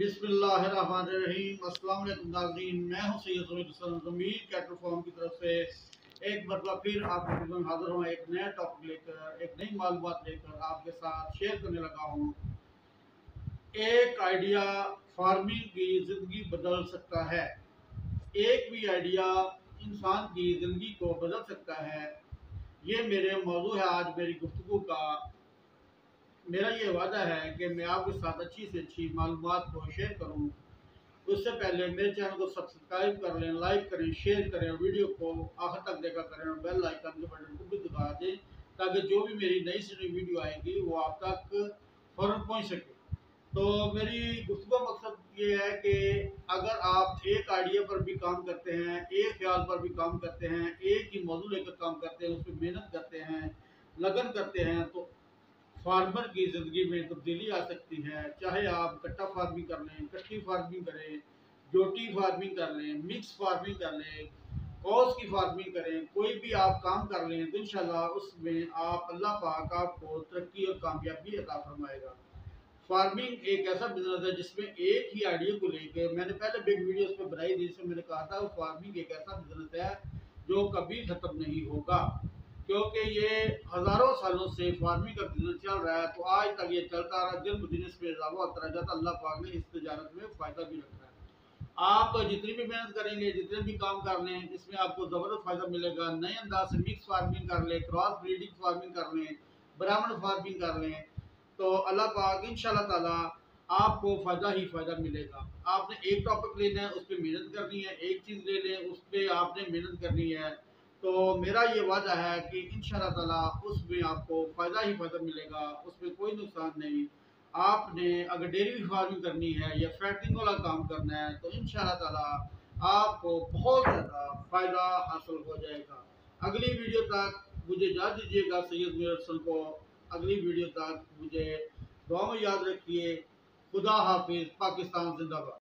بسم اللہ الرحمن الرحیم السلام علیکم ناظرین میں ہوں سید حسین حسن زمیر کیٹر فارم کی طرف سے ایک مرتبہ پھر آپ کے سامنے حاضر ہوں ایک نئے ٹاپک لے کر ایک نئی معلومات لے کر آپ کے ساتھ شیئر کرنے لگا ہوں ایک آئیڈیا فارمنگ کی زندگی بدل سکتا ہے ایک بھی آئیڈیا انسان کی زندگی کو بدل سکتا ہے یہ میرے موضوع ہے آج میری گفتگو کا میرا یہ وعدہ ہے کہ میں آپ کے ساتھ اچھی سے اچھی معلومات کو شیئر کروں اس سے پہلے میرے چینل کو سبسکرائب کر لیں لائک کریں شیئر کریں ویڈیو کو آخر تک دیکھا کریں اور بیل آئکن کے بٹن کو بھی دبا دیں تاکہ جو بھی میری نئی سی نئی ویڈیو آئے گی وہ آپ تک فوراً پہنچ سکے تو میری گفتگو مقصد یہ ہے کہ اگر آپ ایک آئیڈیا پر بھی کام کرتے ہیں ایک خیال پر بھی کام کرتے ہیں ایک ہی موضوع لے کر کام کرتے ہیں اس پہ محنت کرتے ہیں لگن کرتے ہیں تو فارمر کی زندگی میں تبدیلی آ سکتی ہے چاہے آپ کٹا فارمنگ کر لیں کٹی فارمنگ کریں جوٹی فارمنگ کریں کوئی بھی آپ کام کر لیں تو انشاءاللہ اس میں آپ اللہ پاک آپ کو ترقی اور کامیابی عطا فرمائے گا فارمنگ ایک ایسا بزنس ہے جس میں ایک ہی آئیڈیا کو لے کے میں نے پہلے بگ ویڈیوز پہ بنائی جس میں میں نے کہا تھا وہ فارمنگ ایک ایسا بزنس ہے جو کبھی ختم نہیں ہوگا کیونکہ یہ ہزاروں سالوں سے فارمی کا بزنس چل رہا ہے تو آج تک یہ چلتا رہا میں اضافہ ہوتا رہا جاتا اللہ پاک نے اس تجارت میں فائدہ بھی رکھا ہے آپ تو جتنی بھی محنت کریں گے جتنے بھی کام کر لیں اس میں آپ کو زبردست فائدہ ملے گا نئے انداز سے مکس فارمنگ کر لیں کراس بریڈنگ فارمنگ کر لیں برہمن فارمنگ کر لیں تو اللہ پاک ان شاء اللہ تعالیٰ آپ کو فائدہ ہی فائدہ ملے گا آپ نے ایک ٹاپک لینا ہے اس پہ محنت کرنی ہے ایک چیز لے لیں اس پہ آپ نے محنت کرنی ہے تو میرا یہ وعدہ ہے کہ ان شاء اللہ تعالیٰ اس میں آپ کو فائدہ ہی فائدہ ملے گا اس میں کوئی نقصان نہیں آپ نے اگر ڈیری فارمنگ کرنی ہے یا فیٹنگ والا کام کرنا ہے تو ان شاء اللہ تعالیٰ آپ کو بہت زیادہ فائدہ حاصل ہو جائے گا اگلی ویڈیو تک مجھے جا دیجیے گا سید میرے کو اگلی ویڈیو تک مجھے میں یاد رکھیے خدا حافظ پاکستان زندہ باد